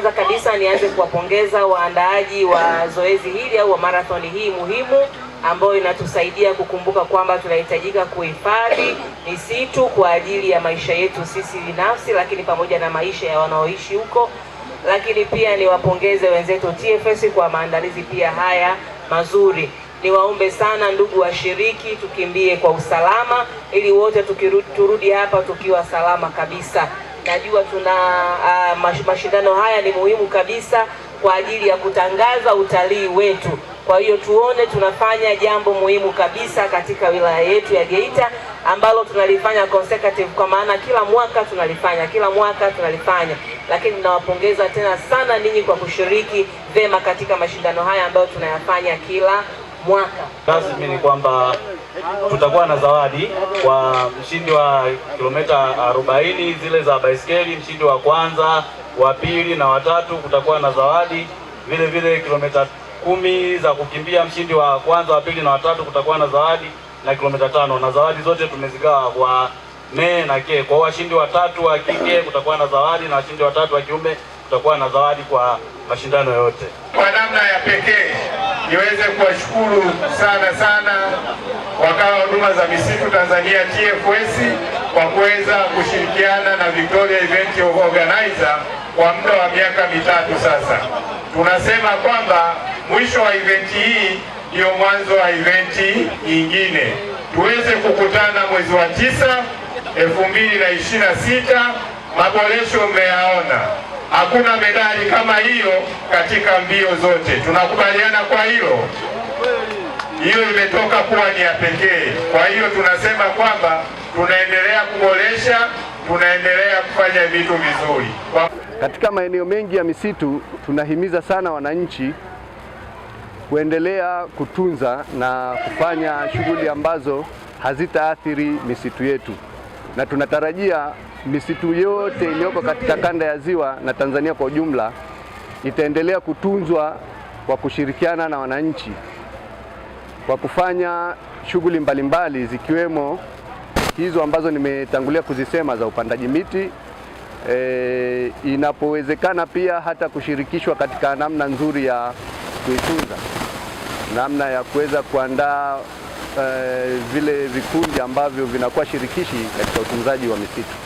kwanza kabisa nianze kuwapongeza waandaaji wa zoezi hili au wa marathoni hii muhimu ambayo inatusaidia kukumbuka kwamba tunahitajika kuhifadhi misitu kwa ajili ya maisha yetu sisi binafsi, lakini pamoja na maisha ya wanaoishi huko. Lakini pia niwapongeze wenzetu TFS kwa maandalizi pia haya mazuri. Niwaombe sana ndugu washiriki, tukimbie kwa usalama ili wote tukirudi, turudi hapa tukiwa salama kabisa. Najua tuna uh, mashindano haya ni muhimu kabisa kwa ajili ya kutangaza utalii wetu. Kwa hiyo tuone tunafanya jambo muhimu kabisa katika wilaya yetu ya Geita ambalo tunalifanya consecutive, kwa maana kila mwaka tunalifanya, kila mwaka tunalifanya. Lakini ninawapongeza tena sana ninyi kwa kushiriki vema katika mashindano haya ambayo tunayafanya kila mwaka. Rasmi ni kwamba tutakuwa na zawadi kwa mshindi wa kilomita 40 zile za baiskeli, mshindi wa kwanza, wa pili na watatu, kutakuwa na zawadi vile vile. Kilomita kumi za kukimbia, mshindi wa kwanza, wa pili na watatu, kutakuwa na zawadi na kilomita tano, na zawadi zote tumezigawa kwa me na ke. Kwa washindi watatu wa kike kutakuwa na zawadi na washindi watatu wa kiume kutakuwa na zawadi kwa mashindano yote kwa namna ya pekee niweze kuwashukuru sana sana wakala huduma za misitu Tanzania TFS kwa kuweza kushirikiana na Victoria Event Organizer kwa muda wa miaka mitatu sasa. Tunasema kwamba mwisho wa eventi hii ndiyo mwanzo wa eventi nyingine, tuweze kukutana mwezi wa tisa elfu mbili na ishirini na sita. Maboresho mmeyaona. Hakuna medali kama hiyo katika mbio zote, tunakubaliana kwa hilo. Hiyo imetoka kuwa ni ya pekee. Kwa hiyo tunasema kwamba tunaendelea kuboresha, tunaendelea kufanya vitu vizuri kwa... katika maeneo mengi ya misitu tunahimiza sana wananchi kuendelea kutunza na kufanya shughuli ambazo hazitaathiri misitu yetu na tunatarajia misitu yote iliyoko katika kanda ya Ziwa na Tanzania kwa ujumla itaendelea kutunzwa kwa kushirikiana na wananchi kwa kufanya shughuli mbalimbali zikiwemo hizo ambazo nimetangulia kuzisema za upandaji miti. E, inapowezekana pia hata kushirikishwa katika namna nzuri ya kuitunza, namna ya kuweza kuandaa uh, vile vikundi ambavyo vinakuwa shirikishi katika utunzaji wa misitu.